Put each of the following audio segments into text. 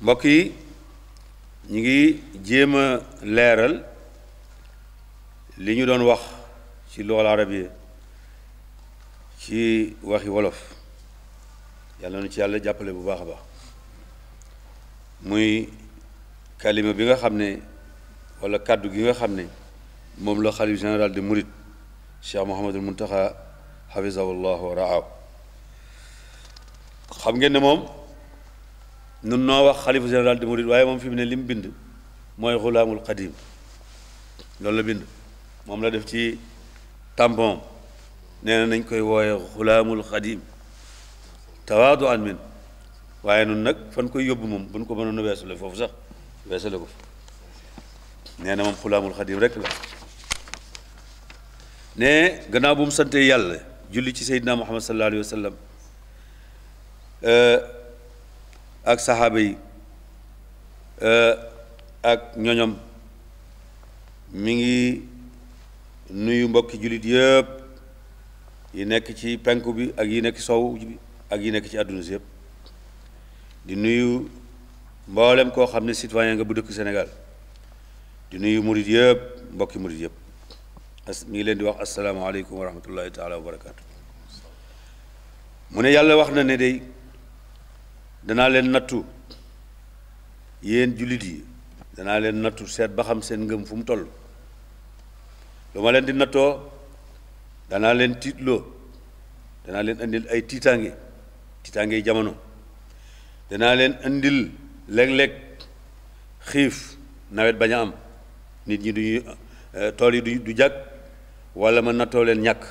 mbokk yi ñu ngi jéem a leeral li ñu doon wax ci lool arabiya ci waxi wolof yàlla na ci yàlla jàppale bu baax a baax muy kalima bi nga xam ne walla kàddu gi nga xam ne moom la xalif général de Mouride Cheikh Mouhamadul Muntaxa xafizahu llah wa raaw xam ngeen ne moom nun noo wax xalifa général de Mouride waaye moom fi mu ne li mu bind mooy xulaamul xadim loolu la bind moom la def ci tampon nee na nañ koy wooye xulaamul xadim tawaadu an min waaye nun nag fan koy yóbbu moom buñ ko mënoon a weesale foofu sax weesale ko fa na moom xulaamul xadim rek la ne gannaaw bu mu yàlla julli ci seydina muhammad sallallahu alayhi ak saxaaba yi euh, ak ñoñom mi ngi nuyu mbokki jullit yëpp yi nekk ci penku bi ak yi nekk sow ak yi nekk ci àdduna si yëpp di nuyu mboolem koo xam ne citoyen nga bu dëkk Sénégal di nuyu murit yëpp mbokki murit yëpp as mi ngi leen di wax asalaamaaleykum wa rahmatullahi taala barakaatu mu ne yàlla wax na ne day danaa leen nattu yéen jullit yi danaa leen nattu seet ba xam seen ngëm fu mu toll lu ma leen di nattoo danaa leen tiitloo danaa leen indil ay tiitaange tiitaange yi jamono danaa leen indil léeg-léeg xiif nawet bañ a am nit ñi duñu euh, tool yi du du jàkk walla ma nattoo leen ñàkk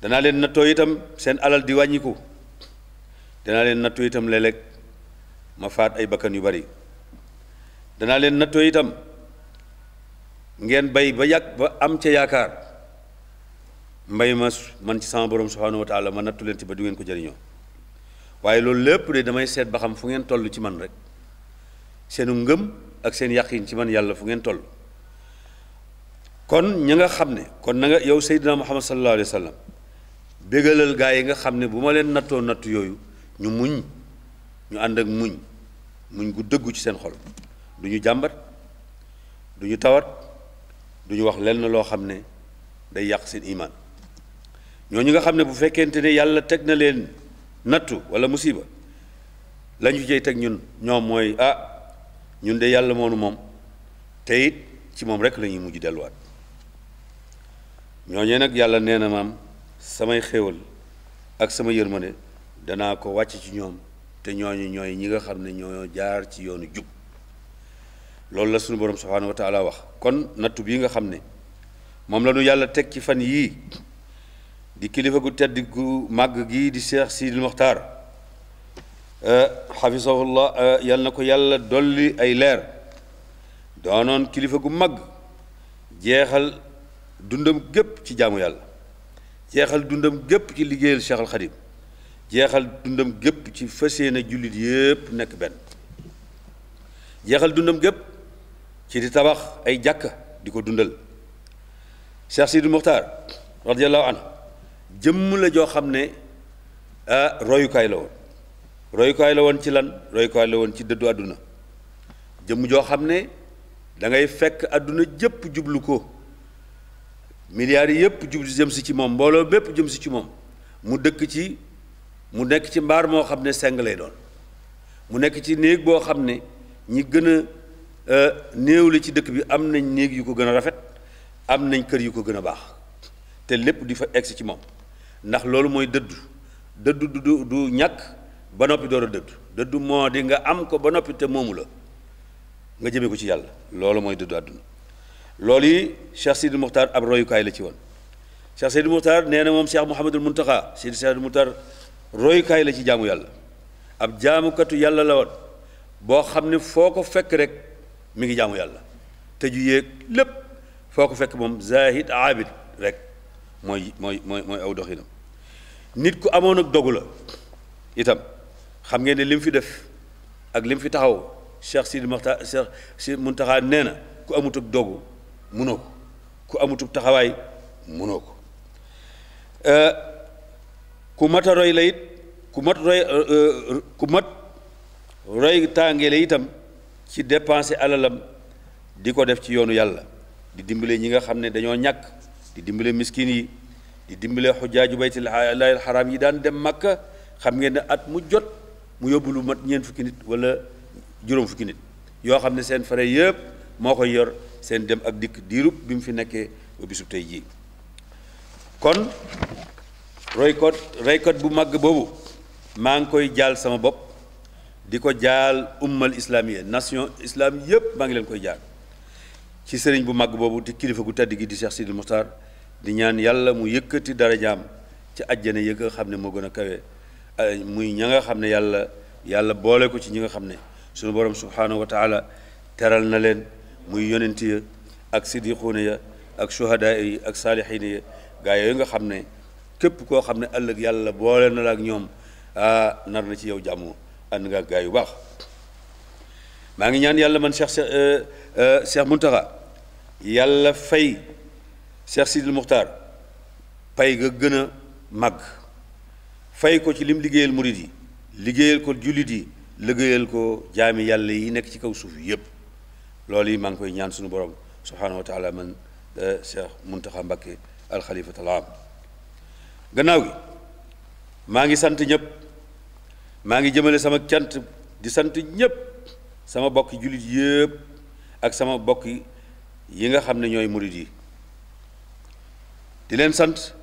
danaa leen nattoo itam seen alal di wàññiku danaa leen nattoo itam léeg ma faat ay bakkan yu bari danaa leen nattoo itam ngeen bay ba yàgg ba am ca yaakaar mbay ma man ci sama borom subhaanahu wa taala ma nattu leen ci ba du ngeen ko jëriñoo waaye loolu lépp de damay seet ba xam fu ngeen toll ci man rek seenu ngëm ak seen yàqin ci man yàlla fu ngeen toll kon ña nga xam ne kon na nga yow Seydina Muhammad sallallahu alayhi wa sallam bégalal gaa yi nga xam ne bu ma leen nattoo natt yooyu ñu muñ ñu ànd ak muñ muñ gu dëggu ci seen xol du ñu jàmbat du ñu tawat du ñu wax lenn loo xam ne day yàq seen imaan ñooñu nga xam ne bu fekkente ne yàlla teg na leen nattu wala musiba la ñu jey teg ñun ñoom mooy a ah, ñun de yàlla moonu moom te it ci moom rek lañuy mujj delluwaat ñooñee nag yàlla nee na maam samay xéewal ak sama yërmande danaa ko wàcc ci ñoom te ñooñu ñooy ñi nga xam ne ñoo jaar ci yoonu jub loolu la sunu borom subhaanahu wa wax kon nattu bii nga xam ne moom la ñu yàlla teg ci fan yii di kilifa gu tedd gu màgg gi di Cheikh Sidil Mokhtar xafisahullah eh, eh, yal na ko yàlla dolli ay leer doonoon kilifa gu mag jeexal dundam gépp ci jaamu yàlla jeexal dundam gépp ci liggéeyal Cheikh al jeexal dundam gépp ci fas yéene jullit yépp nekk benn jeexal dundam gépp ci di tabax ay jàkka di ko dundal Cheikh Sidi Muxtaar radiyallahu anhu jëmm la joo xam ne royukaay la woon royukaay la woon ci lan royukaay la woon ci dëddu àdduna jëmm joo xam ne dangay fekk àdduna jëpp jublu ko milliards yi yëpp jublu jëm si ci moom mbooloo bépp jëm si ci moom mu dëkk ci mu nekk ci mbaar moo xam ne seng lay doon mu nekk ci néeg boo xam ne ñi gën a euh, néew la ci dëkk bi am nañ néeg yu ko gën a rafet am nañ kër yu ko gën a baax te lépp di fa egsi ci moom ndax loolu mooy dëddu dëddu du du ñàkk ba noppi door a dëddu dëddu moo di nga am ko ba noppi te moomu la nga jëmee ko ci yàlla loolu mooy dëddu àdduna loolu yi Cheikh Sidi Muxtaar ab royukaay la ci woon Cheikh Sidi Muxtaar nee na moom Cheikh Mouhamadul Muntaxa Sidi Cheikh Muxtaar royukaay la ci jaamu yàlla ab jaamukatu yàlla la woon boo xam ne foo ko fekk rek mu ngi jaamu yàlla tëju yéeg lépp foo ko fekk moom zahid aabid rek mooy mooy mooy mooy aw doxinam nit ku amoon ak dogu la itam xam ngeen ne li mu fi def ak li mu fi taxaw Cheikh Sidi Maxtaar Cheikh Sidi Muntaxa nee na ku amut ak dogu munoo ko ku amut taxawaay munoo ko euh, ku mat a roy la it ku mat roy euh, euh, ku mat roy tàngee itam ci dépenser alalam di ko def ci yoonu yàlla di dimbale ñi nga xam ne dañoo ñàkk di dimbale miskin yi di dimbale xujjaaju baytillaahil xaraam yi daan dem Makka xam ngeen ne at mu jot mu yóbbu lu mat ñeent fukki nit wala juróom fukki nit yoo xam ne seen frais yëpp moo koy yor seen dem ak dikk diirub bi mu fi nekkee ba bisub tey jii kon roykot roykot bu màgg boobu maa ngi koy jaal sama bopp di ko jaal ummal islamiya nation islaam yépp maa ngi leen koy jaal ci sëriñ bu màgg boobu di kilifa gu tedd gi di Cheikh Sidil Muxtaar di ñaan yàlla mu yëkkati darajaam ci àjjana yëg nga xam ne moo gën a kawe muy ña nga xam ne yàlla yàlla boole ko ci ñi nga xam ne sunu borom subhaanahu wa taala teral na leen muy yonent ya ak siddiquuna ya ak shuhadaa yi ak saalihiina ya gaa yooyu nga xam ne képp koo xam ne ëllëg yàlla boole na la ak ñoom ah nar na ci yow jàmm ànd nga gaay yu baax maa ngi ñaan yàlla man Cheikh eh, eh, Cheikh yàlla fay Cheikh Sidil Muxtaar pay ga gën a màgg fay ko ci lim liggéeyal murid yi liggéeyal ko jullit yi liggéeyal ko jaami yàlla yi nekk ci kaw suuf yépp loolu yi maa ngi koy ñaan sunu borom subhaanahu wa taala man eh, Cheikh Mountakha Mbacké al xalifatul gannaaw gi maa ngi sant ñëpp maa ngi jëmale sama cant di sant ñëpp sama bokki jullit yëpp ak sama bokki yi nga xam ne ñooy murit yi di leen sant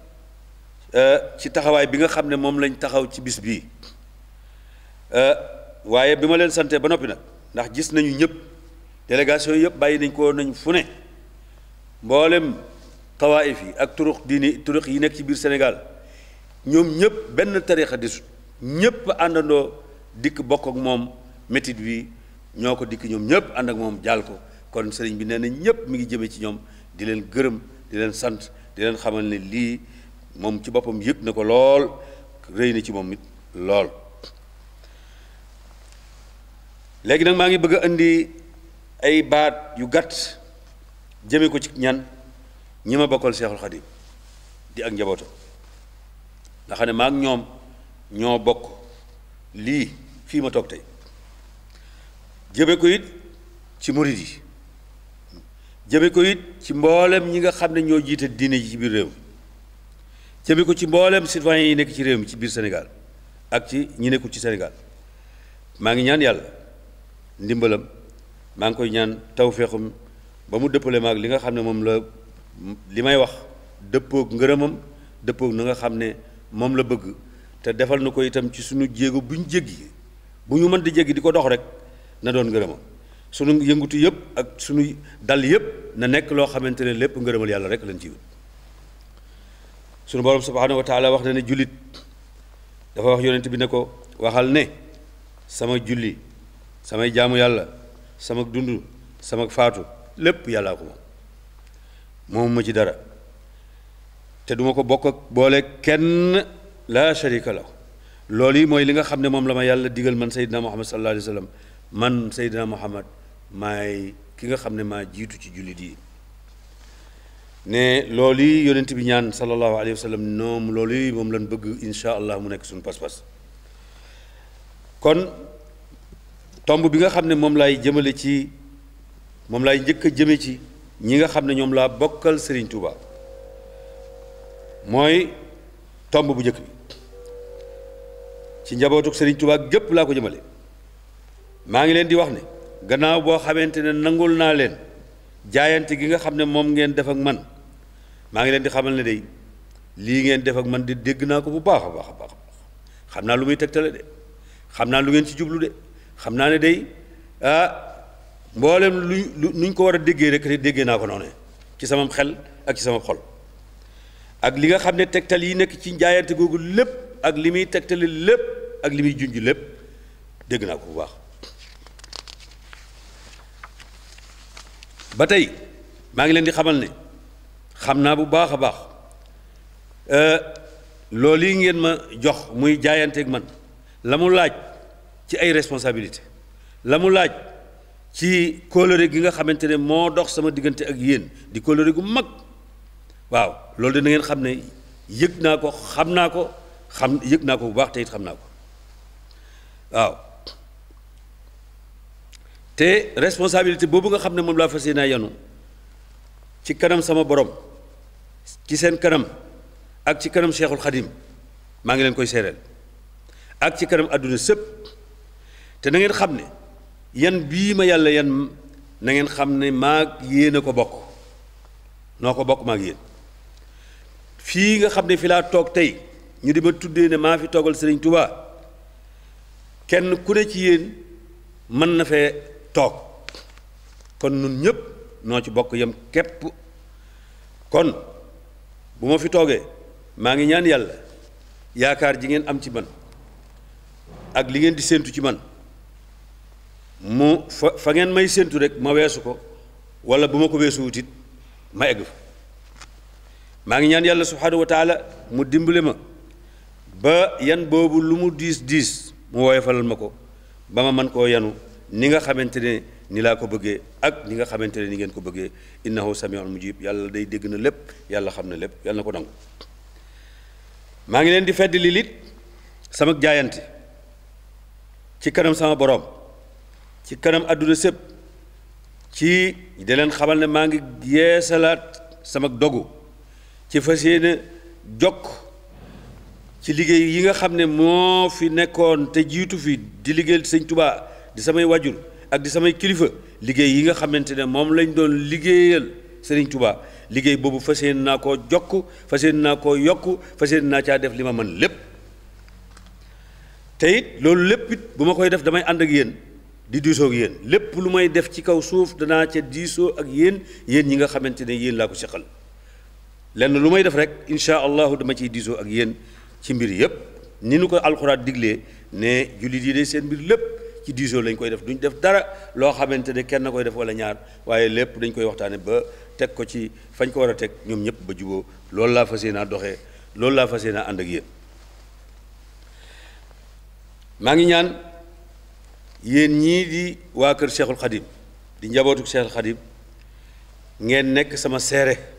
eh, ci taxawaay bi nga xam ne moom lañ taxaw ci bis bii eh, waaye bi ma leen santee ba noppi nag ndax gis nañu ñëpp délégation yëpp bàyyi nañ ko nañ fu ne mboolem tawaayif yi ak turux diini turux yi nekk ci biir Sénégal ñoom ñëpp benn tarixa disut ñëpp àndandoo dikk bokk ak moom métit wi ñoo ko dikk ñoom ñëpp ànd ak moom jaal ko kon sëriñ bi nee na ñëpp mi ngi jëmee ci ñoom di leen gërëm di leen sant di leen xamal ne lii moom ci boppam yëg na ko lool rëy na ci moom it lool léegi nag maa ngi bëgg indi ay baat yu gàtt jëme ko ci ñan ñi ma bokkal Seexul Xadiim di ak njabootam nga xam ne maak ñoom ñoo bokk lii fii ma toog tey jëme ko it ci murid yi ko it ci mboolem ñi nga xam ne ñoo jiite diine ji ci biir réew jëme ko ci mboolem citoyen yi nekk ci réew mi ci biir Sénégal ak ci ñi nekkul ci Sénégal maa ngi ñaan yàlla ndimbalam maa ngi koy ñaan tawféexum ba mu dëppalee dëppale ak li nga xam ne moom la li may wax dëppoog ngërëmam dëppoog na nga xam ne moom la bëgg te defal na ko itam ci suñu jéego bu ñu jéggi bu ñu mën di jéggi di ko dox rek na doon ngërëmam sunu yëngutu yëpp ak sunu dal yëpp na nekk loo xamante ne lépp ngërëmal yàlla rek lañ ci wut sunu borom subhaanahu wa taala wax na ne jullit dafa wax yonent bi ne ko waxal ne sama julli samay jaamu yàlla sama dund sama faatu lépp yàllaa ko moom moomu ma ci dara te duma ko bokk ak boole kenn laa sharika la loolu yi mooy li nga xam ne moom la ma yàlla digal man Seydina Muhammad sallallahu alayhi wa sallam man Seydina Muhammad maay ki nga xam ne maa jiitu ci jullit yi ne loolu yi yonent bi ñaan sallallahu alayhi wa sallam noom loolu yi moom lañ bëgg insha allah mu nekk suñu pas-pas kon tomb bi nga xam ne moom laay jëmale ci moom laay njëkk a jëme ci ñi nga xam ne ñoom laa bokkal Serigne Touba. mooy tomb bu njëkk bi ci njabootu sëriñ Tuubaa gépp laa ko jëmale maa ngi leen di wax ne gannaaw boo xamante ne nangul naa leen jaayante gi nga xam ne moom ngeen def ak man maa ngi leen di xamal ne day lii ngeen def ak man di dégg naa ko bu baax a baax a baax xam naa lu muy tegtale de xam naa lu ngeen ci jublu de xam naa ne day ah mboolem luñ luñ ko war a déggee rek déggee naa ko noonu ci sama xel ak ci sama xol ak li nga xam ne tegtal yi nekk ci njaayante googu lépp ak li muy tegtale lépp ak li muy junj lépp dégg naa ko bu baax ba tey maa ngi leen di xamal ne xam naa bu baax a baax euh, loolu yi ngeen ma jox muy jaayanteeg man la mu laaj ci ay responsabilité la mu laaj ci kóllëre gi nga xamante ne moo dox sama diggante ak yéen di kóllëre gu mag waaw loolu de na ngeen xam ne yëg naa ko xam naa ko xam yëg naa ko bu baax tey xam naa ko waaw te responsabilité boobu nga xam ne moom laa fas yéene yanu ci kanam sama borom ci seen kanam ak ci kanam seexul Khadim maa ngi leen koy seereel ak ci kanam àdduna sëpp te na ngeen xam ne yan bii ma yàlla yan na ngeen xam ne maag yéen a ko bokk noo ko bokk maag yéen fii nga xam ne fi laa toog tey ñu di ma tuddee ne maa fi toogal sëriñ Tuubaa kenn ku ne ci yéen man na fee toog kon nun ñépp noo ci bokk yam képp kon bu ma fi toogee maa ngi ñaan yàlla yaakaar ji ngeen am ci man ak li ngeen di séentu ci man mu fa fa ngeen may séentu rek ma weesu ko walla bu ma ko weesu wutit ma egg fa maa ngi ñaan yàlla subhaanahu wa mu dimbali ma ba yan boobu lu mu diis diis mu woyofalal ma ko ba ma man koo yanu ni nga xamante ne ni laa ko bëggee ak ni nga xamante ne ni ngeen ko bëggee innahu samiul mujib yàlla day dégg na lépp yàlla xam na lépp yàlla na ko nangu maa ngi leen di fedd li sama jaayante ci kanam sama boroom ci kanam àdduna sépp ci daleen leen xamal ne maa ngi yeesalaat sama dogu ci fas yéene jokk ci liggéey yi nga xam ne moo fi nekkoon te jiitu fi di liggéeyal sëñ Tuubaa di samay wajur ak di samay kilifa liggéey yi nga xamante ne moom lañ doon liggéeyal sëriñ Tuubaa liggéey boobu fas yéene naa ko jokk fas yéene naa ko yokk fas naa caa def li ma mën lépp te loolu lépp it bu ma koy def damay ànd ak yéen di diisoo ak yéen lépp lu may def ci kaw suuf danaa ca diisoo ak yéen yéen ñi nga xamante ne yéen laa ko seqal lenn lu may def rek incha allahu dama ciy diisoo ak yéen ci mbir yëpp ni nu ko alxuraan diglee ne jullit yi de seen mbir lépp ci diisoo lañ koy def duñ def dara loo xamante ne kenn koy def wala ñaar waaye lépp dañ koy waxtaane ba teg ko ci fañ ko war a teg ñoom ñëpp ba juboo loolu laa fas yéenaa doxe loolu laa fas yéenaa ànd ak yéen maa ngi ñaan yéen ñii di waa kër Cheikhul Khadim di njabootu Cheikhul Khadim ngeen nekk sama seere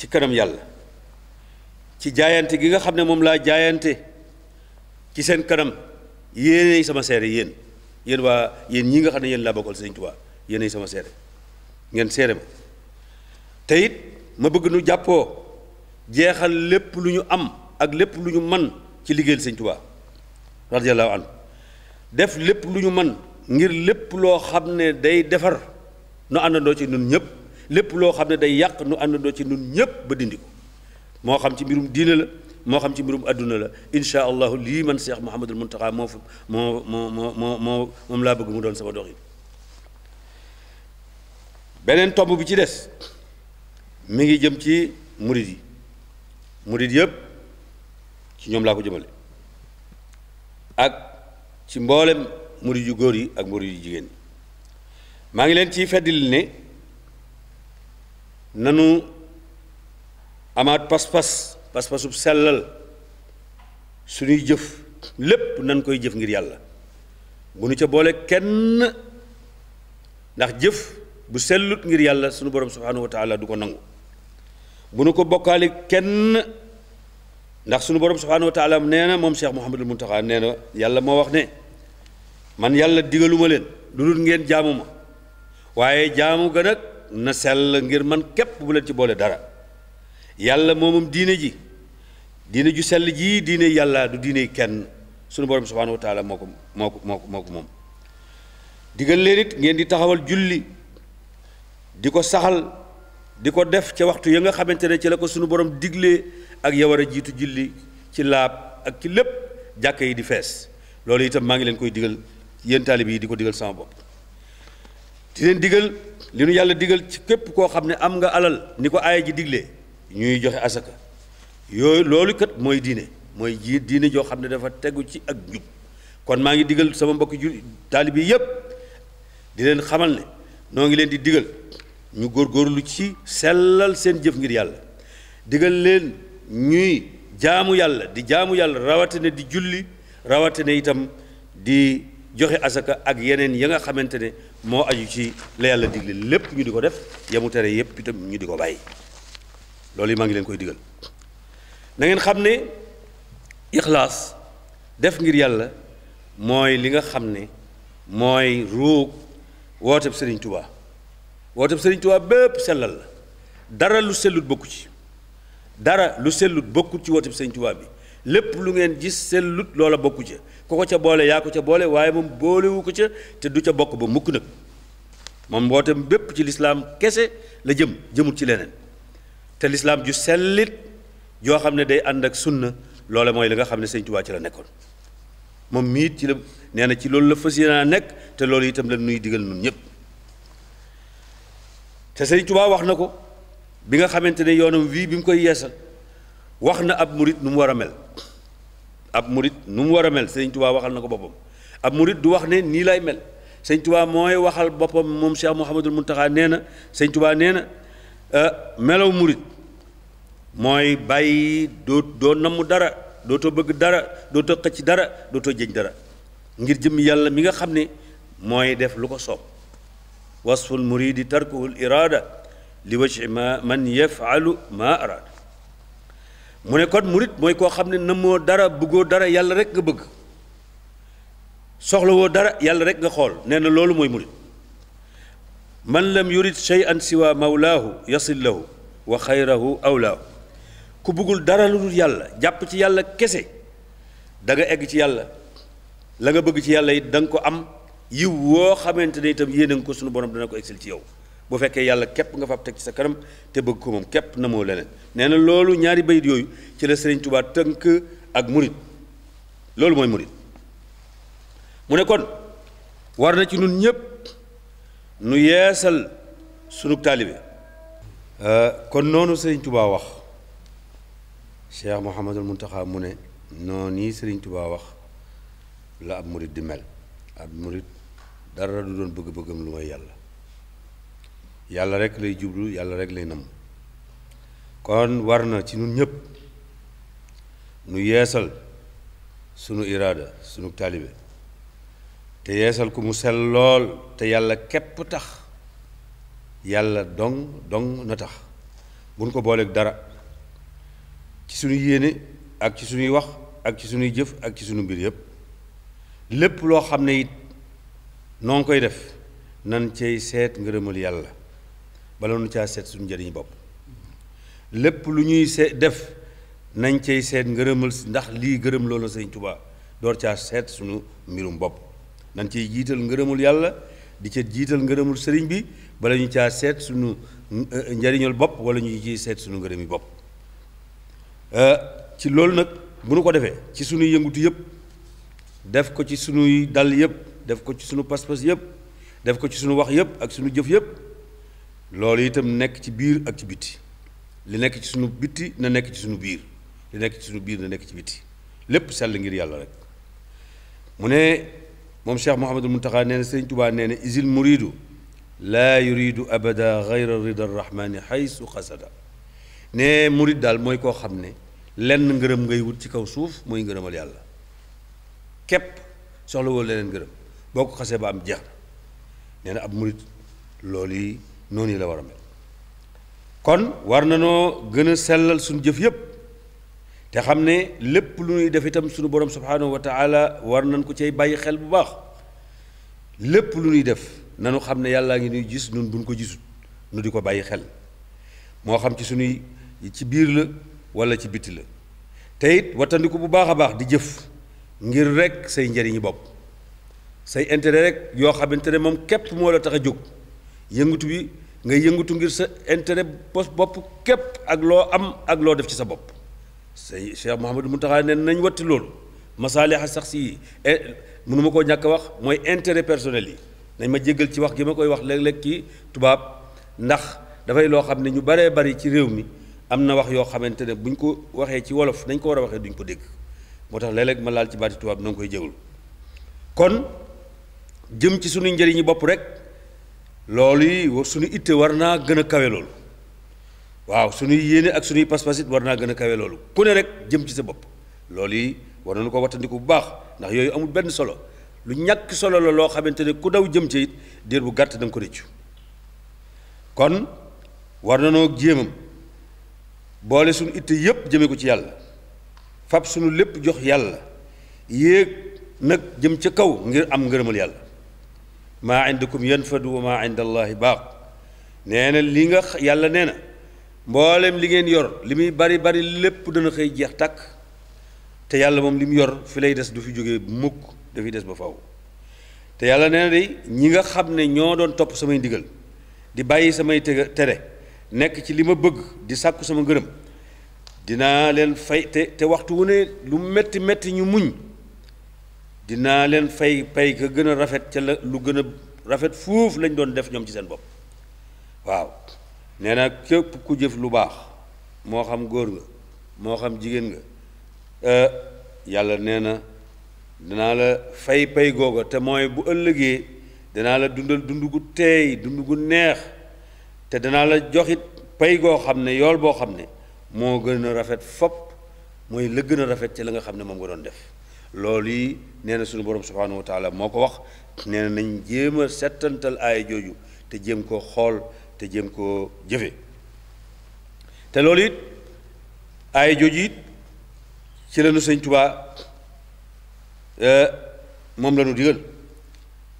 ci kanam yàlla ci jaayante gi nga xam ne moom laa jaayante ci seen kanam yéenay sama seere yéen yéen waa yéen ñi nga xam ne yéen laa bokkal Sëriñ Tuubaa yéenay sama seere ngeen seere ma te it ma bëgg nu jàppoo jeexal lépp lu ñu am ak lépp lu ñu man ci liggéeyal Sëriñ Tuubaa radiyallahu anhu def lépp lu ñu man ngir lépp loo xam ne day defar nu àndandoo ci nun ñëpp lépp loo xam ne day yàq nu àndandoo ci nun ñépp ba dindi ko moo xam ci mbirum diine la moo xam ci mbirum àdduna la insha allahu lii man Cheikh Mouhamadul Mountakha moo moo moo moo moo moom laa bëgg mu doon sama doxin beneen tomb bi ci des mi ngi jëm ci murid yi murid yëpp ci ñoom laa ko jëmale ak ci mboolem murid yu góor yi ak murid yu jigéen yi maa ngi leen ciy feddil ne nanu amaat pas-pas pas-pasub sellal suñuy jëf lépp nan koy jëf ngir yàlla bu nu ca boole kenn ndax jëf bu sellut ngir yàlla sunu borom subhaanahu wa du ko nangu bu nu ko bokkaale kenn ndax sunu borom subhaanahu wa nee na moom Cheikh Mouhamadul Muntaxa nee na yàlla moo wax ne man yàlla digaluma leen lu dul ngeen jaamu waaye jaamu ga na sell ngir man képp bu leen ci boole dara yàlla moomam diine ji diine ju sell jii diine yàlla du diine kenn sunu borom subhaanahu wa moo ko moo ko moo moo ko moom digal leen it ngeen di taxawal julli di ko saxal di ko def ca waxtu ya nga xamante ne ci la ko sunu boroom diglee ak ya a jiitu julli ci laab ak ci lépp jàkk yi di fees loolu itam maa ngi leen koy digal yéen taalib yi di ko digal sama bopp di leen digal li nu yàlla digal ci képp koo xam ne am nga alal ni ko aaya ji diglee ñuy joxe asaka yooyu loolu kat mooy diine mooy ji diine joo xam ne dafa tegu ci ak njub kon maa ngi digal sama mbokk jur taalib yi yépp di leen xamal ne noo ngi leen di digal ñu góor góorgóorlu ci sellal seen jëf ngir yàlla digal leen ñuy jaamu yàlla di jaamu yàlla rawatine di julli rawatina itam di joxe asaka ak yeneen ya nga xamante ne moo aju ci la yàlla digle lépp ñu di ko def yamu tere yépp itam ñu di ko bàyyi loolu yi maa ngi leen koy digal na xam ne ixlaas def ngir yàlla mooy li nga xam ne mooy ruug wooteb sëriñ tubaa wooteb sëriñ tubaa bépp sellal la dara lu sellut bokku ci dara lu sellut bokku ci wooteb sëriñ tubaa bi lépp lu ngeen gis sellut loola bokku ci ku ko ca boole yaa ko ca boole waaye moom boolewu ko ca te du ca bokk ba mukk nag moom mbooteem bépp ci lislaam kese la jëm jëmul ci leneen te lislaam ju sellit joo xam ne day ànd ak sunna loole mooy li nga xam ne Sëñ Tuubaa ci la nekkoon moom miit ci la nee na ci loolu la fas yéene nekk te loolu itam la nuy digal nun ñëpp te Sëñ Tuubaa wax na ko bi nga xamante ne yoonam wii bi mu koy yeesal wax na ab murit nu mu war a mel ab murit nu mu war a mel sëñ waxal na ko boppam ab murit du wax ne nii lay mel sëñ Tuubaa mooy waxal boppam moom Cheikh Mouhamadul Mountakha nee na sëñ Tuubaa nee na euh, melow murit mooy bàyyi doo doo namm dara dootoo bëgg dara dootoo xëcc dara dootoo jëñ dara ngir jëm yàlla mi nga xam ne mooy def lu ko soob wasful muridi tarkuhul iraada li wajhi ma man yafalu ma araada mu ne kon murit mooy koo xam ne na moo dara bëggoo dara yàlla rek nga bëgg soxlawoo dara yàlla rek nga xool nee na loolu mooy murit man lam yurid shay'an siwa mawlaahu yasil lahu wa xayrahu awlaahu ku buggul dara lu dul yàlla jàpp ci yàlla kese danga egg ci yàlla la nga bëgg ci yàlla it da nga ko am yiw woo xamante ne itam yéene nga ko sunu borom dana ko egsil ci yow bu fekkee yàlla képp nga fa ab teg ci sa kanam te bëgg ko moom képp na moo leneen nee na loolu ñaari bayit yooyu ci la Sëriñ Tuubaa tënk ak murit loolu mooy murit mu ne kon war na ci nun ñëpp nu yeesal sunu taalibe euh, kon noonu Sëriñ Tuubaa wax Cheikh Mouhamadul Muntaxa mu ne noonu yi Sëriñ Tuubaa wax la ab murit di mel ab murit dara du doon bëgg-bëggam lu may yàlla yàlla rekk lay jublu yàlla rek lay nam kon war na ci ñun ñëpp nu yeesal sunu iraada sunu taalibe te yeesal ku mu sel lool te yàlla képp tax yàlla dong dong na tax buñ ko booleek dara ci sunu yéene ak ci sunuy wax ak ci sunuy jëf ak ci sunu mbir yëpp lépp loo xam ne it noo ngi koy def nan cey seet ngërëmal yàlla bala nu caa seet suñu njëriñ bopp lépp lu ñuy seet def nañ cay seet ngërëmal ndax lii gërëm loolu sëñ Tuubaa door caa seet suñu mbirum bopp nañ ciy jiital ngërëmul yàlla di ca jiital ngërëmul sëriñ bi bala ñu caa seet suñu eh, njëriñul bopp wala ñu ciy seet suñu ngërëmi bopp eh, ci loolu nag bu nu ko defee ci suñuy yëngutu yëpp def ko ci sunuy dal yëpp def ko ci sunu pas-pas yëpp def ko ci sunu wax yëpp ak sunu jëf yëpp loolu itam nekk ci biir ak ci bitti li nekk ci sunu bitti na nekk ci sunu biir li nekk ci sunu biir na nekk ci bitti lépp sell ngir yàlla rek mu ne moom Cheikh Mouhamadul Mountakha nee na Sëriñ nee ne isil muridu la yuridu abada gayra rida rahmani xaysu xasada ne murid daal mooy koo xam ne lenn ngërëm ngay wut ci kaw suuf mooy ngërëmal yàlla képp soxla woo leneen ngërëm boo ko ba am jeex na nee na ab murid loolu yi noonu la war a mel kon war na noo gën a sellal suñu jëf yépp te xam ne lépp lu ñuy def itam suñu borom subhaanahu wa war nañ ko cay bàyyi xel bu baax lépp lu ñuy def nanu xam ne yàllaa ngi nuy gis nun buñ ko gisut nu di ko bàyyi xel moo xam ci suñuy ci biir la wala ci bitti la te it wattandiku bu baax a baax di jëf ngir rek say njëriñu bopp say intérêt rek yoo xamante ne moom képp moo la tax a jóg yëngatu bi nga yëngatu ngir sa intérêt bopp képp ak loo am ak loo def ci sa bopp say Cheikh Mouhamadou Mountakha ne nañ watti loolu masaaliha sax si yi eh, mënu ma koo ñàkk wax mooy intérêt personnel yi nañ ma jéggal ci wax gi ma koy wax léeg-léeg kii tubaab ndax dafay loo xam ne ñu baree bari ci réew mi am na wax yoo xamante ne buñ ko waxee ci wolof nañ ko war a waxee duñ ko dégg moo tax léeg ma laal ci baati tubaab na koy jëwul kon jëm ci suñu njëriñi bopp rek loolu yi suñu itte war naa gën a kawe loolu waaw suñuy yéenee ak su suñuy pas-pas it war naa gën a kawe loolu ku ne rek jëm ci sa bopp loolu yi war na nañu ko wattandiku bu baax ndax yooyu amul benn solo lu ñàkk solo la loo xamante ne ku daw jëm ci it diir bu gàtt da ko rëccu kon war nanoo jéemam boole suñu itte yépp jëme ko ci yàlla fab suñu lépp jox yàlla yéeg nag jëm ca kaw ngir am ngërëmal yàlla maa indakum yanfadu wa maa inda allahi baaq nee na li nga yàlla nee na mboolem li ngeen yor li muy bari bari lépp dana xëy jeex tàkk te yàlla moom li mu yor fi lay des du fi jóge mukk dafiy des ba faw te yàlla nee na day ñi nga xam ne ñoo doon topp samay ndigal di bàyyi samay teg tere nekk ci li ma bëgg di sàkku sama ngërëm dinaa leen fay te te waxtu wu ne lu metti metti ñu muñ dinaa leen fay pay ka gën a rafet ca la lu gën a rafet fuuf lañ doon def ñoom ci seen bopp waaw nee na képp ku jëf lu baax moo xam góor nga moo xam jigéen nga euh, yàlla nee na danaa la fay pay googa te mooy bu ëllëgee danaa la dundal dund gu teey dund gu neex te danaa la joxit pay goo xam ne yool boo xam ne moo gën a rafet fopp mooy la gën a rafet ci la nga xam ne moom nga doon def loolu yi nee na suñu borom subhaanahu wa taala moo ko wax nee nañ jéem a settantal aaya jooju te jéem koo xool te jéem koo jëfe te loolu it aaya jooju it ci lanu nu sëñ Tuubaa eh, moom la nu digal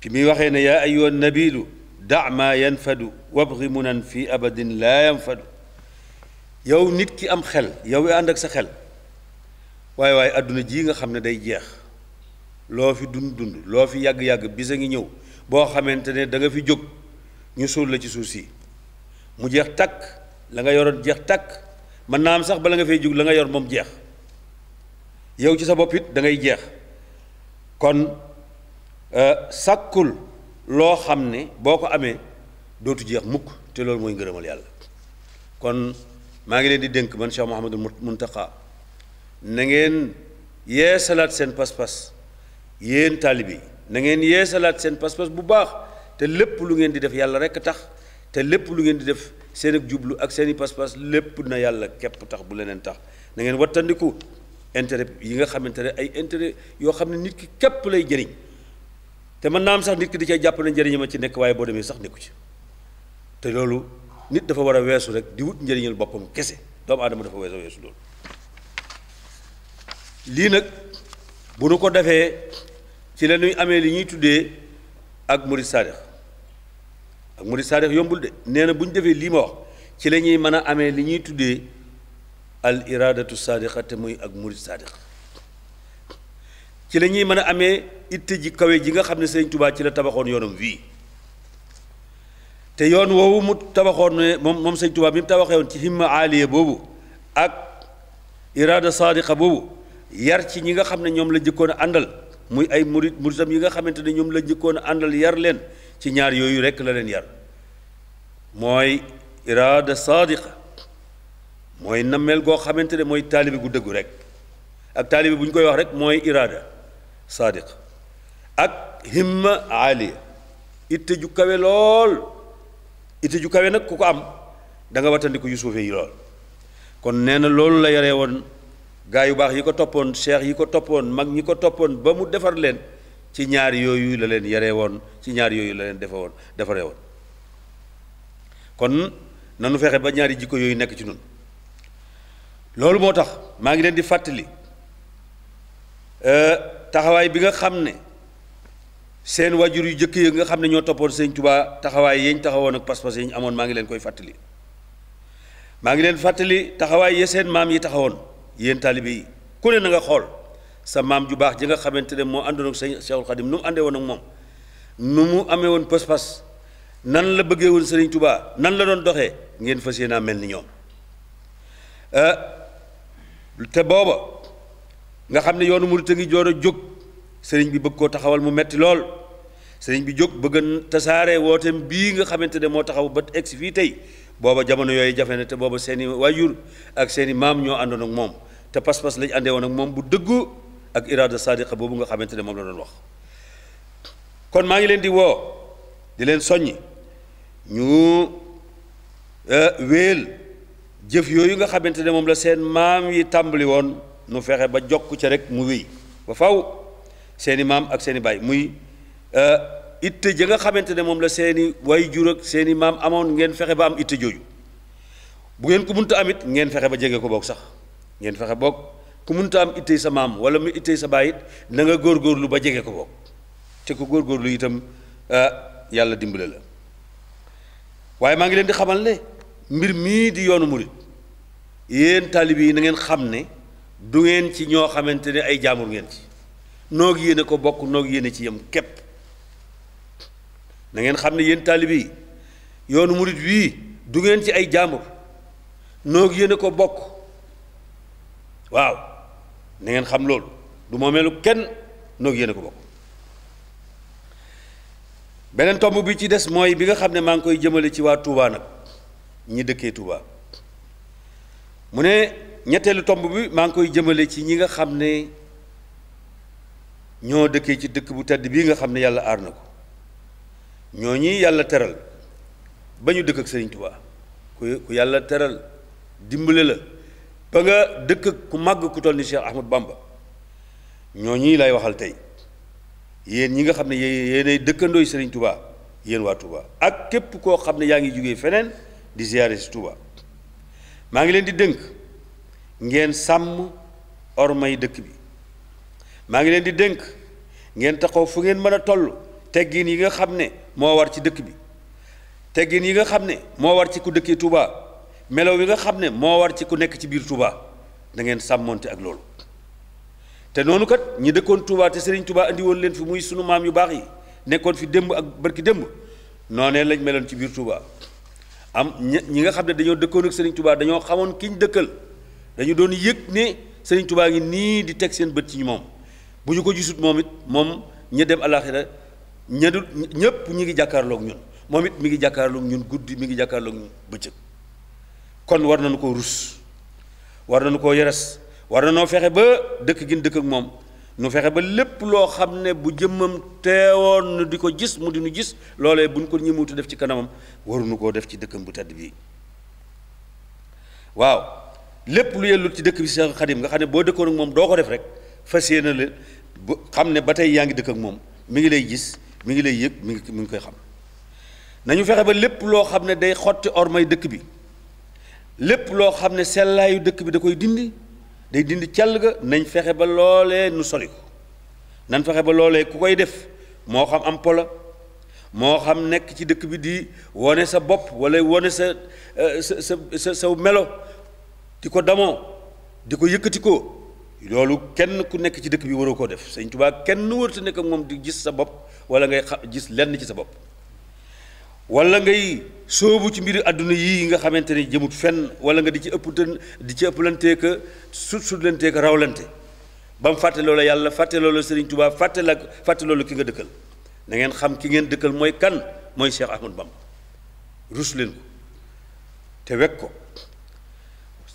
fi muy waxee ne yaa ayyuha nabilu da ma yanfadu wabgi munan fi abadin laa yanfadu yow nit ki am xel yow ànd ak sa xel waaye waaye àdduna jii nga xam ne day jeex loo fi dund dund loo fi yàgg-yàgg bis a ngi ñëw boo xamante ne da nga fi jóg ñu suul la ci suuf si mu jeex takk la nga yoroon jeex takk mën naa am sax ba la nga fay jóg la nga yor moom jeex yow ci sa bopp it dangay jeex kon euh, sàkkul loo xam ne boo ko amee dootu jeex mukk te loolu mooy ngërëmal yàlla kon maa ngi leen di dénk man mu Mouhamadul Muntaqa na ngeen yee salaat seen pas-pas yéen taalibe yi na ngeen yee salaat seen pas-pas bu baax te lépp lu ngeen di def yàlla rekk tax te lépp lu ngeen di def seen ak jublu ak seeni i pas-pas lépp na yàlla képp tax bu leneen tax na ngeen wattandiku intérêt yi nga xamante ne ay intérêt yoo xam ne nit ki képp lay jëriñ te mën naa am sax nit ki di cay jàpp ne njëriñ ma ci nekk waaye boo demee sax nekku ci te loolu nit dafa war a weesu rek di wut njëriñal boppam kese doomu aadama dafa weesu weesu loolu lii nag bu nu ko defee ci la ñuy amee li ñuy tuddee ak murid saadix ak murid saadix yombul de nee na bu ñu defee lii ma wax ci la ñuy mën a amee li ñuy tuddee al tu saadixa te muy ak murid saadix ci la ñuy mën a amee itte ji kawe ji nga xam ne Sëriñ Tuubaa ci la tabaxoon yoonam wii te yoon woowu mu tabaxoon ne moom moom Sëriñ Tuubaa bi woon ci himma aaliya boobu ak iraada saadiqa boobu yar ci ñi nga xam ne ñoom la jëkkoon a àndal muy ay murit muritam yi nga xamante ne ñoom la jëkkoon a àndal yar leen ci ñaar yooyu rek la leen yar mooy iraada saadiqa mooy nammeel goo xamante ne mooy taalibe gu dëggu rek ak taalibe bu ñu koy wax rek mooy iraada saadiq ak himma aaliya itte ju kawe lool itte ju kawe nag ku ko am danga nga wattandiku yu suufee yi lool kon nee na loolu la yare woon gaa yu baax yi ko toppoon cheikh yi ko toppoon mag ñi ko toppoon ba mu defar leen ci ñaar yooyu la leen yaree woon ci ñaar yooyu la leen defe woon defaree woon kon nanu fexe ba ñaari jikko yooyu nekk ci noonu loolu moo tax maa ngi leen di fàttali euh, taxawaay bi nga xam ne seen wajur yu jëkk yi nga xam ne ñoo toppoon sëñ Tuubaa taxawaay yeñ taxawoon ak pas-pas yeñ amoon maa ngi leen koy fàttali maa ngi leen fàttali taxawaay ye seen maam yi taxawoon yéen taalibe yi ku ne na nga xool sa maam ju baax ji nga xamante ne moo àndoon ak sa Cheikhul Khadim nu mu àndee woon moom nu mu amee woon pas-pas nan la bëggee woon Serigne Touba nan la doon doxee ngeen fas yéenaa mel ni ñoom eh, te booba nga xam ne yoonu mu a ngi joor a jóg sëriñ bi bëgg koo taxawal mu metti lool sëriñ bi jóg bëgg a tasaare wooteem bii nga xamante ne moo taxaw ba egsi fii tey booba jamono yooyu jafe na te booba seeni waajur ak seeni maam ñoo àndoon ak moom te pas-pas lañ àndee woon ak moom bu dëggu ak iraada sadiqa boobu nga xamante ne moom la doon wax kon maa ngi leen di woo di leen soññ ñu eh, wéel jëf yooyu nga xamante ne moom la seen maam yi tàmbali woon nu fexe ba jokk ca rek mu wéy ba faw seeni maam ak seeni baay muy eh, itte ja nga xamante ne moom la seeni way jur ak seeni maam amoon ngeen fexe ba am itte jooju bu ngeen ko munta amit ngeen fexe ba jege ko boog sax ngeen fexe bokk ku mënta am ittey sa maam wala mu ittey sa baay it na nga góorgóorlu ba jege ko bokk te ku góorlu itam ah, yàlla dimbale la waaye maa ngi leen di xamal ne mbir mii di yoonu murit yéen taalibe yi na ngeen xam ne du ngeen ci ñoo xamante ne ay jaamur ngeen ci noog yéene ko bokk noog yéene ci yem képp na ngeen xam ne yéen taalibe yi yoonu murit wii du ngeen ci ay jaamur noog yéene ko bokk waaw na xam loolu du moomeelu kenn noog yéene a ko bokk beneen tomb bi ci des mooy bi nga xam ne maa ngi koy jëmale ci waa Touba nag ñi dëkkee Touba mu ne ñetteelu tomb bi maa ngi koy jëmale ci ñi nga xam ne ñoo dëkkee ci dëkk bu tedd bii nga xam ne yàlla aar na ko ñoo ñi yàlla teral ba ñu dëkk ak Sëriñ Touba ku yàlla teral dimbale la ba nga dëkk ku màgg ku toll ni Cheikh Ahmad Bamba ñoo ñii lay waxal tey yéen ñi nga xam ne yéenay dëkkandooy Serigne Touba yéen waa Touba ak képp koo xam ne yaa ngi jógee feneen di ziyaare si Touba maa ngi leen di dënk ngeen sàmm ormay dëkk bi maa ngi leen di dénk ngeen taxaw fu ngeen mën a toll teggin yi nga xam ne moo war ci dëkk bi teggin yi nga xam ne moo war ci ku dëkkee Touba melaw bi nga xam ne moo war ci ku nekk ci biir Touba da ngeen sàmmonte ak loolu te noonu kat ñi dëkkoon Touba te Serigne Touba andi woon leen fi muy sunu maam yu baax yi nekkoon fi démb ak barki démb noonee lañ meloon ci biir Touba am ñi nga xam ne dañoo dëkkoon ak Serigne Touba dañoo xamoon kiñ dëkkal dañu doon yëg ne Serigne Touba ngi nii di teg seen bët ci moom bu ñu ko gisut moom it moom ña dem àllaaxira ña dul ñëpp ñu ngi jàkkaarlook ñun moom it mi ngi jàkkaarloog ñun guddi mi ngi jàkkaarloog ñun kon war nañu ko rus war nañu koo yeres war na noo fexe ba dëkk gin dëkk ak moom nu fexe ba lépp loo xam ne bu jëmmam teewoon nu di ko gis mu di nu gis loolee buñ ko ñëmutu def ci kanamam waruñu koo def ci dëkkam bu tedd bii waaw lépp lu yellut ci dëkk bi Seex Xadim nga xam ne boo dëkkoon ak moom doo ko def rek fas yéene la bu xam ne ba tey yaa ngi dëkk ak moom mi ngi lay gis mi ngi lay yëg mi ngi mi ngi koy xam nañu fexe ba lépp loo xam ne day xotti ormay dëkk bi lépp loo xam ne sellaayu dëkk bi da koy dindi day dindi càll ga nañ fexe ba loolee nu soli ko nañ fexe ba loolee ku koy def moo xam am polo moo xam nekk ci dëkk bi di wone sa bopp wala wone sa euh, sa sa melo di ko damoo di ko yëkkati ko loolu kenn ku nekk ci dëkk bi waru koo def sañ Tuubaa kenn nu warut a nekk moom di gis sa bopp wala ngay gis lenn ci sa bopp wala ngay sóobu ci mbiri àdduna yii nga xamante ni jëmut fenn wala nga di ci ëpp di ci ëpplanteek sut sutlanteek rawlante ba mu fàtte loolu yàlla fàtte loolu Serigne Touba fàtte la fàtte loolu ki nga dëkkal na ngeen xam ki ngeen dëkkal mooy kan mooy Cheikh Ahmadou Bamba rus leen ko te weg ko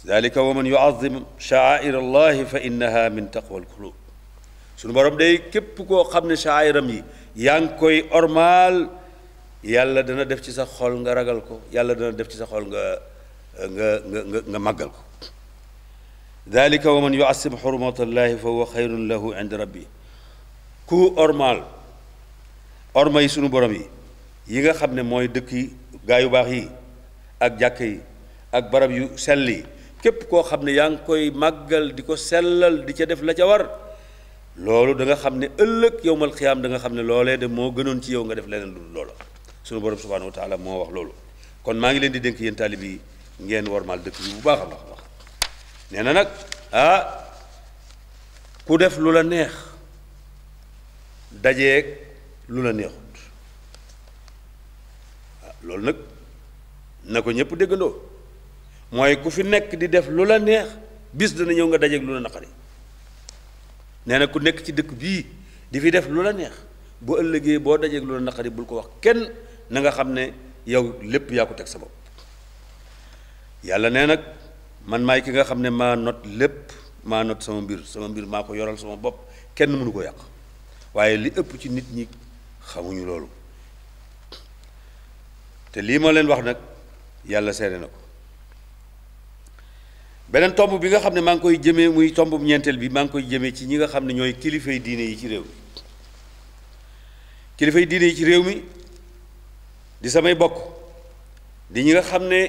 dalika wa man yuazim shaair allahi fa innaha min taqwa alqulub suñu borom day képp koo xam ne shaairam yi yaa ngi koy ormaal yàlla dana def ci sa xol nga ragal ko yàlla dana def ci sa xol nga nga nga nga màggal ko dalika wa man yuasim xurumatullahi fa huwa xayrun lahu inda rabbi ku ormal orma yi sunu borom yi yi nga xam ne mooy dëkk yi gaa yu baax yi ak jàkk yi ak barab yu sell yi képp koo xam ne yaa ngi koy màggal di ko sellal di ca def la ca war loolu da nga xam ne ëllëg yowmal xiyaam da nga xam ne loolee de moo gënoon ci yow nga def leneen lu loola sunu borom subhanahu wa moo wax loolu kon maa ngi leen di dénk yéen taalibe yi ngeen wormaal dëkk bi bu baax a baax nee na nag ah ku def lu la neex dajeeg lu la neexut ah, loolu nag na ko ñëpp déggandoo mooy ku fi nekk di def lu la neex bis dana ñëw nga dajeeg lu la naqari nee na ku nekk ci dëkk bii di fi def lu la neex bu ëllëgee boo dajeeg lu la naqari bul ko wax kenn na nga xam ne yow lépp yaa ko teg sa bopp yàlla nee nag man maay ki nga xam ne maa not lépp maa not sama mbir sama mbir maa ko yoral sama bopp kenn mënu ko yàq waaye li ëpp ci nit ñi xamuñu loolu te lii moo leen wax nag yàlla seene na ko beneen tomb bi nga xam ne maa ngi koy jëmee muy tombu ñeenteel bi maa ngi koy jëmee ci ñi nga xam ne ñooy kilifay diine yi ci réew mi kilifay diine yi ci réew mi di samay bokk li ñi nga xam ne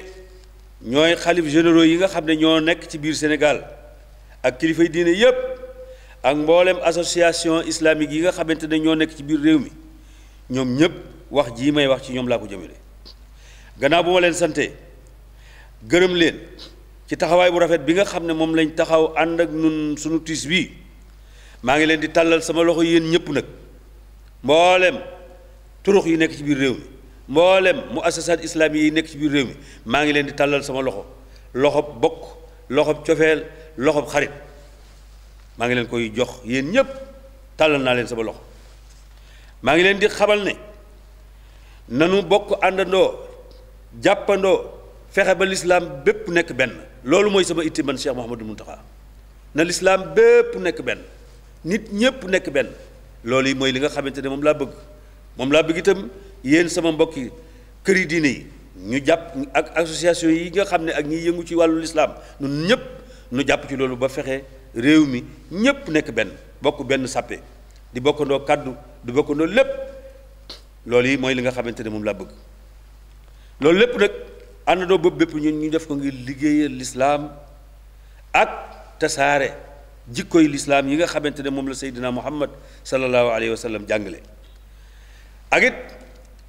ñooy xalif généraux yi nga xam ne ñoo nekk ci biir Sénégal ak kilifay diine yépp ak mboolem association islamique yi nga xamante ne ñoo nekk ci biir réew mi ñoom ñépp wax ji may wax ci ñoom laa ko jëmale gannaaw bu ma leen sante gërëm leen ci taxawaay bu rafet bi nga xam ne moom lañ taxaw ànd ak nun sunu tiis bii maa ngi leen di tàllal sama loxo yéen ñépp nag mbooleem turux yi nekk ci biir réew mi mboolem mu assasaat islamique yi nekk ci biir réew mi maa ngi leen di tàllal sama loxo loxob bokk loxob cofeel loxob xarit maa ngi leen koy jox yéen ñépp tàllal naa leen sama loxo maa ngi leen di xamal ne nanu bokk àndandoo jàppandoo fexe ba lislaam bépp nekk benn loolu mooy sama it man Cheikh Mouhamadou Mountakha na lislaam bépp nekk benn nit ñépp nekk benn loolu yi mooy li nga xamante ne moom laa bëgg moom laa bëgg itam yéen sama mbokki këri diine yi ñu jàpp ak association yi nga xam ne ak ñiy yëngu ci wàllu lislaam ñun ñëpp ñu jàpp ci loolu ba fexe réew mi ñëpp nekk benn bokk benn sàppe di bokkandoo kàddu di bokkandoo lépp loolu yi mooy li nga xamante ne moom laa bëgg loolu lépp nag àndandoo boobu bépp ñun ñu def ko ngir liggéeyal lislaam ak tasaare jikkoy lislaam yi nga xamante ne moom la seydina muhammad sallallahu alayhi wa sallam jàngale ak it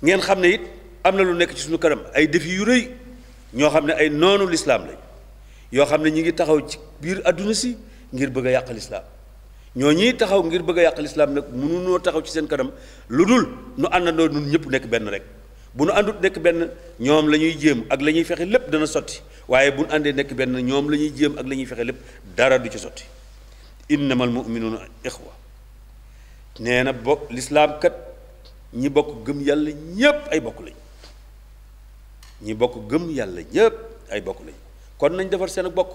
ngeen xam ne it am na lu nekk ci suñu kanam ay defi yu rëy ñoo xam ne ay noonu lislaam lañ yoo xam ne ñi ngi taxaw ci biir adduna si ngir bëgg a yàq lislaam ñoo ñii taxaw ngir bëgg a yàq nag mënunoo taxaw ci seen kanam lu dul nu àndandoo nun ñëpp nekk benn rek bu nu àndut nekk benn ñoom la ñuy jéem ak la ñuy fexe lépp dana sotti waaye bu nu àndee nekk benn ñoom la ñuy jéem ak la ñuy fexe lépp dara du ci sotti na innamal muminuuna ixwa nee na bo lislaam ñi bokk gëm yàlla ñépp ay bokk lañ ñi bokk gëm yàlla ñépp ay bokk lañ kon nañ defar seen bokk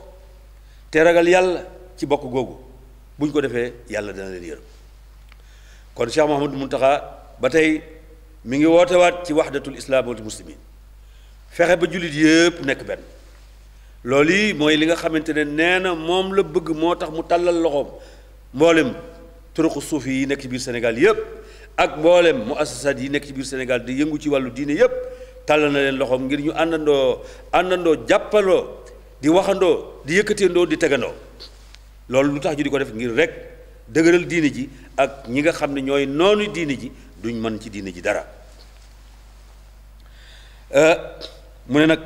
te ragal yàlla ci bokk googu bu ñu ko defee yàlla dana leen yërëm kon Cheikh Mouhamadou Mountakha ba tey mu ngi wootewaat ci waxdatul islaam wal muslimin fexe ba jullit yépp nekk benn loolu yi mooy li nga xamante ne nee na moom la bëgg moo tax mu tàllal loxoom mboolem turuqu suufi yi nekk ci biir Sénégal yépp ak mboolem mu assasaat yi nekk ci biir Sénégal di yëngu ci wàllu diine yépp tàllal na leen loxoom ngir ñu àndandoo àndandoo jàppaloo di waxandoo di yëkkateendoo di tegandoo loolu lu tax ñu di ko def ngir rek dëgëral diine ji ak ñi nga xam ne ñooy noonu diine ji duñ mën ci diine ji dara euh, mu ne nag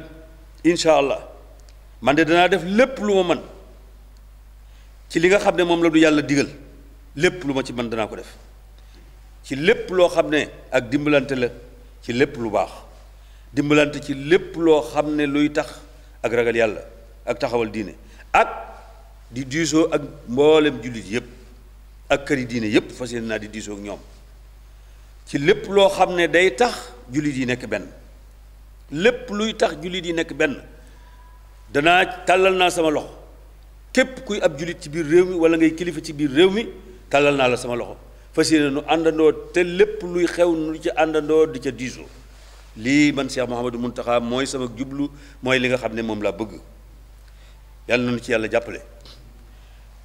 incha allah man de danaa def lépp lu ma man ci li nga xam ne moom la du yàlla digal lépp lu ma ci man danaa ko def ci lépp loo xam ne ak dimbalante la ci lépp lu baax dimbalante ci lépp loo xam ne luy tax ak ragal yàlla ak taxawal diine ak di diisoo ak mboolem jullit yépp ak këri diine yépp fas yéene naa di diisoo ak ñoom ci lépp loo xam ne day tax jullit yi nekk benn lépp luy tax jullit yi nekk benn danaa tàllal naa sama loxo képp kuy ab jullit ci biir réew mi walla ngay kilifa ci biir réew mi tàllal naa la sama loxo fas yéene nu àndandoo te lépp luy xew nu ca àndandoo di ca diisoo lii man Cheikh Mouhamadou taxaa mooy sama jublu mooy li nga xam ne moom laa bëgg yàlla nañu ci yàlla jàppale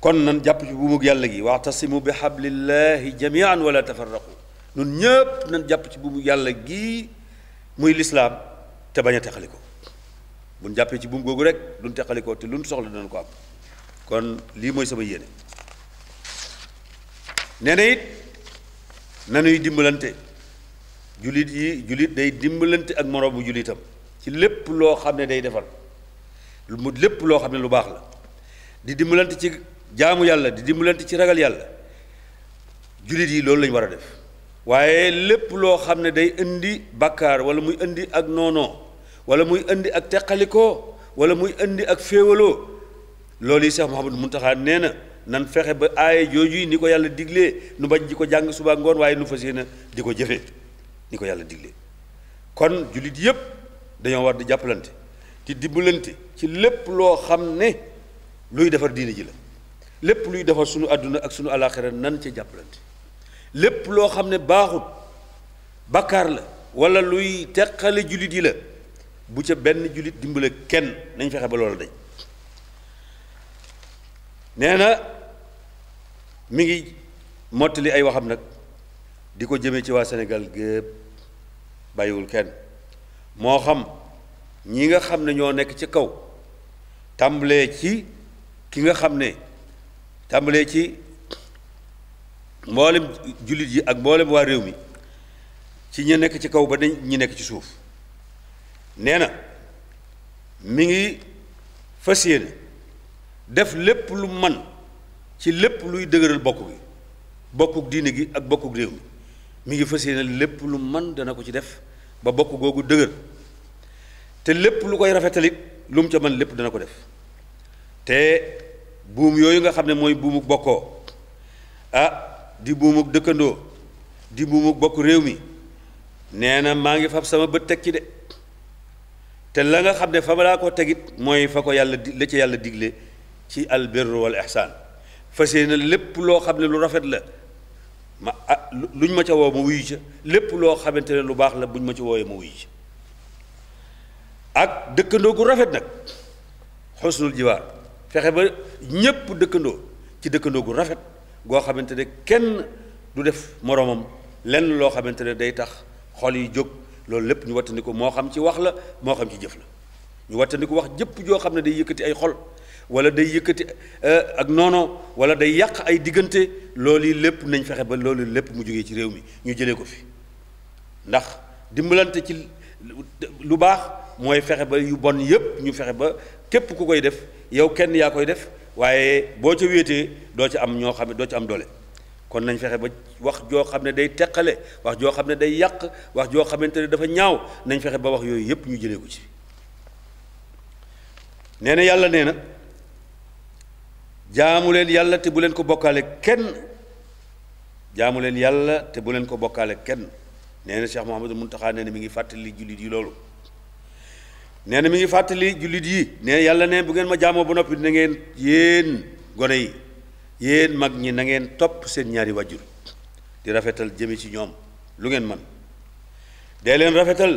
kon nan jàpp ci buumug yàlla gi waxtasimu bi hablillahi jamian wala tafarraqu nun ñépp nan jàpp ci buumug yàlla gii muy lislaam te bañ a teqaliko buñ jàppee ci buum googu rek duñ teqalikoo te luñ soxla dinañ ko am kon lii mooy sama yéene nee na nanuy dimbalante jullit yi jullit day dimbalante ak moroomu jullitam ci lépp loo xam ne day defal lu mu lépp loo xam ne lu baax la di dimbalante ci jaamu yàlla di dimbalante ci ragal yàlla jullit yi loolu lañu war a def waaye lépp loo xam ne day indi bàkkaar wala muy indi ak noonoo wala muy indi ak teqalikoo wala muy indi ak féewaloo loolu yi Cheikh Mouhamadou Mountakha nee na nan fexe ba aaya jooju ni ko yàlla diglee nu bañ di ko jàng suba ngoon waaye nu fas yéene di ko jëfee ni ko yàlla digle kon jullit yépp dañoo war di jàppalante di dimbalante ci lépp loo xam ne luy defar diine ji la lépp luy defar sunu àdduna ak sunu alaaxira nan ca jàppalante lépp loo xam ne baaxut bakkaar la wala luy teqale jullit yi la bu ca benn jullit dimbale kenn nañ fexe ba loola dañ nee na mi ngi mottali ay waxam nag di ko jëmee ci waa senegal gépp bàyyiwul kenn moo xam ñi nga xam ne ñoo nekk ci kaw tàmbalee ci ki nga xam ne tàmbalee ci mboolem jullit yi ak mboolem waa réew mi ci ñi nekk ci kaw ba dañ ñi nekk ci suuf nee na mi ngi fas yéene def lépp lu man ci lépp luy dëgëral bokk gi bokkuk diine gi ak bokkuk réew mi mi ngi fas yéene lépp lu man dana ko ci def ba bokk googu dëgër te lépp lu koy rafetalit lu mu ca man lépp dana ko def te buum yooyu nga xam ne mooy buumuk bokkoo ah di buumuk dëkkandoo di buumuk bokk réew mi nee na maa ngi fab sama bët teg ci de te la nga xam ne fa ma laa ko tegit mooy fa ko yàlla di la ci yàlla digle ci albirru wal ihsaan fas yéene lépp loo xam ne lu rafet la ma ah luñ ma ca woo ma wuyu ca lépp loo xamante ne lu baax la bu buñ ma ci wooyee ma wuyu ca ak dëkkandoo gu rafet nag xusnul jiwaar fexe ba ñépp dëkkandoo ci dëkkandoo gu rafet goo xamante ne kenn du def moroomam lenn loo xamante ne day tax xol yi jóg loolu lépp ñu wattandiku moo xam ci wax la moo xam ci jëf la ñu wattandiku wax jëpp joo xam ne day yëkkati ay xol wala day yëkkati eh, ak noono wala day yàq ay diggante loolu lépp nañ fexe ba loolu lépp mu jógee ci réew mi ñu jëlee ko fi ndax dimbalante ci lu baax mooy fexe ba yu bon yépp ñu fexe ba képp ku koy def yow kenn yaa koy def waaye boo ca wéetee doo ca am ñoo xam ne doo ca am doole kon nañ fexe ba wax joo xam ne day teqale wax joo xam ne day yàq wax joo xamante ne dafa ñaaw nañ fexe ba wax yooyu yépp ñu jëlee ko ci nee na yàlla nee na jaamu leen yàlla te bu leen ko bokkaale kenn jaamu leen yàlla te bu leen ko bokkaale kenn nee na Cheikh Mouhamadou Mountakha nee na mi ngi fàttali jullit yi loolu nee na mi ngi fàttali jullit yi nee yàlla ne bu ngeen ma jaamoo ba noppi na ngeen yéen gone yi yéen mag ñi nangeen topp seen ñaari wajjur di rafetal jëme ci ñoom lu ngeen man dee leen rafetal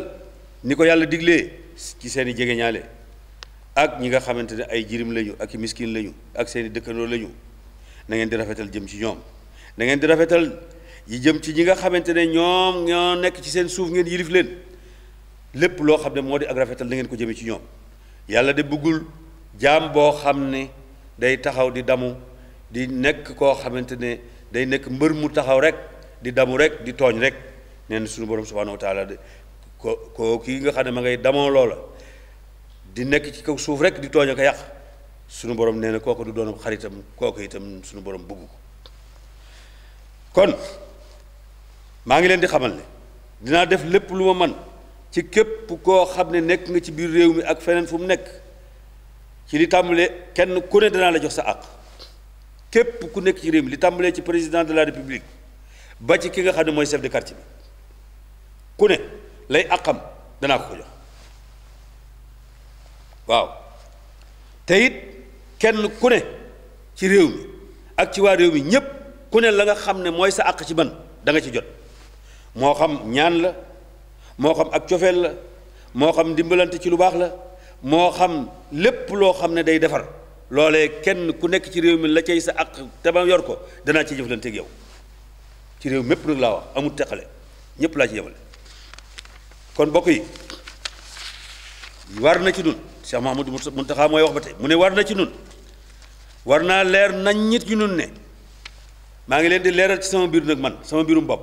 ni ko yàlla diglee ci seeni jege ñaale ak ñi nga xamante ne ay jirim lañu ak i miskin lañu ak seen i dëkkandoo lañu na ngeen di rafetal jëm ci ñoom nangeen di rafetal yi jëm ci ñi nga xamante ne ñoom ñoo nekk ci seen suuf ngeen yilif leen lépp loo xam ne moo di ak rafetal na ngeen ko jëme ci ñoom yàlla de bëggul jaam boo xam ne day taxaw di damu di nekk koo xamante ne day nekk mbër mu taxaw rek di damu rek di tooñ rek neen sunu borom subhanahu wa taala ko koo kii nga xam ne ma ngay damoo loola di nekk ci kaw suuf rek di tooñ ak yàq suñu borom nee na kooku du doon xaritam kooku itam suñu borom bugg ko kon maa ngi leen di xamal ne dinaa def lépp lu ma man ci képp koo xam ne nekk nga ci biir réew mi ak feneen fu mu nekk ci li tàmbalee kenn ku ne danaa la jox sa àq képp ku nekk ci réew mi li tàmbalee ci président de la république ba ci ki nga xam ne mooy chef de quartier bi ku ne lay àqam danaa ko ko jox waaw te it kenn ku ne ci réew mi ak ci waa réew mi ñépp ku ne la nga xam ne mooy sa àq ci man danga ci jot moo xam ñaan la moo xam ak cofeel la moo xam dimbalante ci lu baax la moo xam lépp loo xam ne day defar loole kenn ku nekk ci réew mi la cay sa àq te ba yor ko danaa ci jëflante ak yow ci réew mépp nag laa amul teqale ñépp laa ci yemale kon bokk yi war na ci dun Cheikh Mahamadou Muntaxa mooy wax ba tey mu ne war na ci nun war naa leer nañ nit ñu nun ne maa ngi leen di leeral ci sama biir nag man sama biirum bopp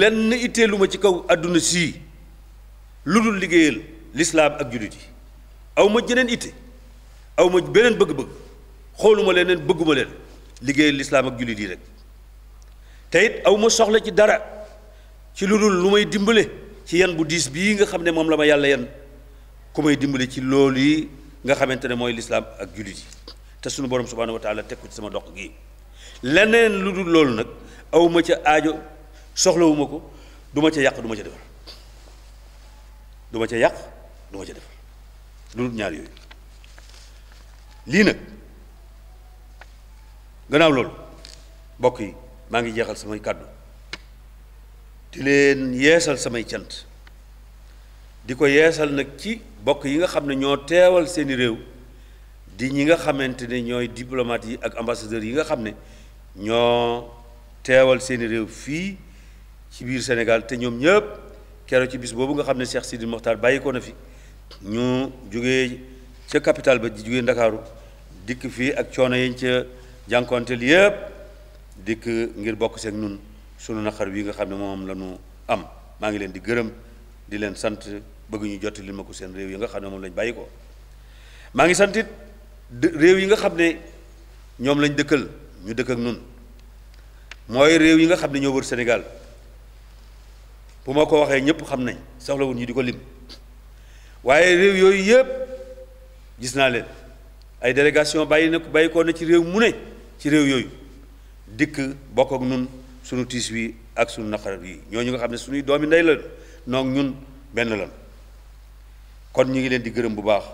lenn itteelu ma ci kaw àdduna sii lu dul liggéeyal lislaam ak jullit yi aw ma jeneen itte aw ma beneen bëgg-bëgg xooluma leneen bëgguma leen liggéeyal lislaam ak jullit yi rek te it aw ma soxla ci dara ci lu dul lu may dimbale ci yan bu diis bii nga xam ne moom la ma yàlla yan ku may dimbali ci loolu yi nga xamante ne mooy lislaam ak jullit yi te sunu borom subhaanahu wa taala teg ko ci sama dox gi leneen lu dul loolu nag awma ca aajo soxlawuma ko du ma ca yàq duma ca defar du ca yàq du ca defar lu dul ñaar yooyu lii nag gannaaw loolu mbokk yi maa ngi jeexal samay kàddu di leen yeesal samay cant di ko yeesal nag ci bokk yi nga xam ne ñoo teewal seeni réew di ñi nga xamante ne ñooy diplomates yi ak ambassadeurs yi nga xam ne ñoo teewal seeni réew fii ci biir Sénégal te ñoom ñëpp keroog ci biis boobu nga xam ne Cheikh Sidi Mokhtar bàyyi ko na fi ñu jógee ca capitale ba jógee Ndakaaru dikk fii ak coono yañ ca jànkonteel yëpp dikk ngir bokk seeg nun sunu naqar wi nga xam ne moom la ñu am maa ngi leen di gërëm di leen sant bëgg ñu jottali ma ko seen réew yi nga xam ne moom lañ bàyyi ko maa ngi santit réew yi nga xam ne ñoom lañ dëkkal ñu dëkk ak nun mooy réew yi nga xam ne ñoo wër Sénégal bu ma ko waxee ñëpp xam nañ soxlawul ñu di ko lim waaye réew yooyu yëpp gis naa leen ay délégation bàyyi na bàyyi ko ne ci réew mu ne ci réew yooyu dikk bokk ak nun sunu tiis wi ak sunu naqar yi ñu nga xam ne sunuy doomi ndey la noog ñun benn lan kon ñu ngi leen di gërëm bu baax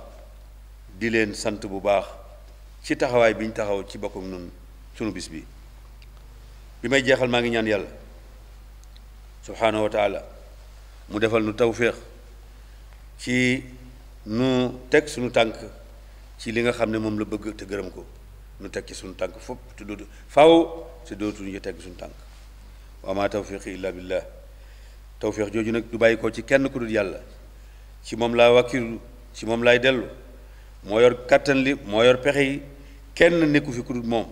di leen sant bu baax ci taxawaay bi ñu taxaw ci bokkum nun sunu bis bi bi may jeexal maa ngi ñaan yàlla subhaanahu wa mu defal nu tawféex ci nu teg suñu tànk ci li nga xam ne moom la bëgg te gërëm ko nu teg ci suñu tànk fopp te dootu faw te dootuñu ci teg suñu tànk waa maa tawfiqi illa billah tawféex jooju nag du bàyyi ko ci kenn ku dul yàlla ci moom laa wàkkilu ci moom laay dellu moo yor kàttan li moo yor pexe yi kenn nekku fi ku dul moom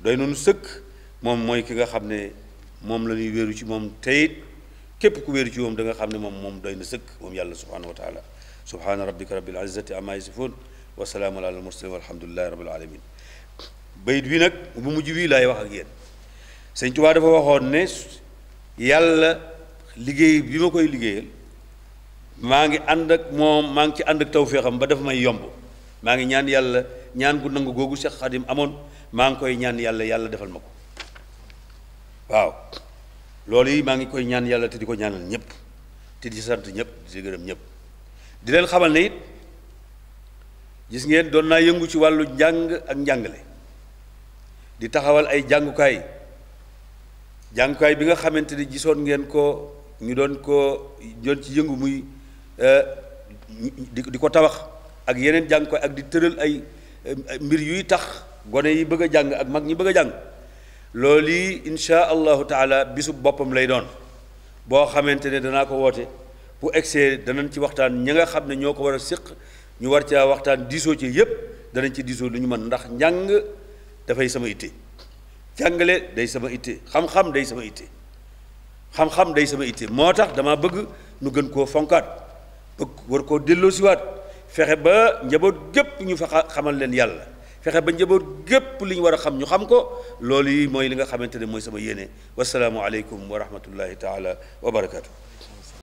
doy noonu sëkk moom mooy ki nga xam ne moom la ñuy wéeru ci moom teyit képp ku wéeru ci moom da nga xam ne moom moom doy na sëkk moom yàlla subhanahu wa taala subhaana rabbika rabbil izzati amma yasifun wa salaamun ala al mursalin walhamdulillahi rabbil alamin bayit wi nag mu mujj wii laay wax ak yéen sëñ Tuubaa dafa waxoon ne yàlla liggéey bi ma koy liggéeyal maa ngi ànd ak moom maa ngi ci ànd ak tawféexam ba dafa may yomb maa ngi ñaan yàlla ñaan gu nangu googu Cheikh Khadim amoon maa ngi koy ñaan yàlla yàlla defal ma ko waaw loolu maa ngi koy ñaan yàlla te di ko ñaanal ñëpp te di sant ñëpp di gërëm ñëpp di leen xamal ne it gis ngeen doon naa yëngu ci wàllu njàng ak njàngale di taxawal ay jàngukaay jàngukaay bi nga xamante ni gisoon ngeen ko ñu doon ko doon ci yëngu muy di di ko tabax ak yeneen jàng ko ak di tëral ay mbir yuy tax gone yi bëgg jàng ak mag ñi bëgg jàng loolu yi insha allahu taala bisu boppam lay doon boo xamante ne danaa ko woote bu egsee danañ ci waxtaan ñi nga xam ne ñoo ko war a séq ñu war caa waxtaan diisoo ci yépp danañ ci diisoo lu ñu mën ndax njàng dafay sama itte jàngale day sama itte xam-xam day sama itte xam-xam day sama itte moo tax dama bëgg nu gën koo fonkaat war koo delloosiwaat fexe ba njaboot gépp ñu fa xamal leen yàlla fexe ba njaboot gépp li ñu war a xam ñu xam ko loolu yi mooy li nga xamante ne mooy sama yéene wasalaamualeykum wa rahmatullahi taala wa barakaatu.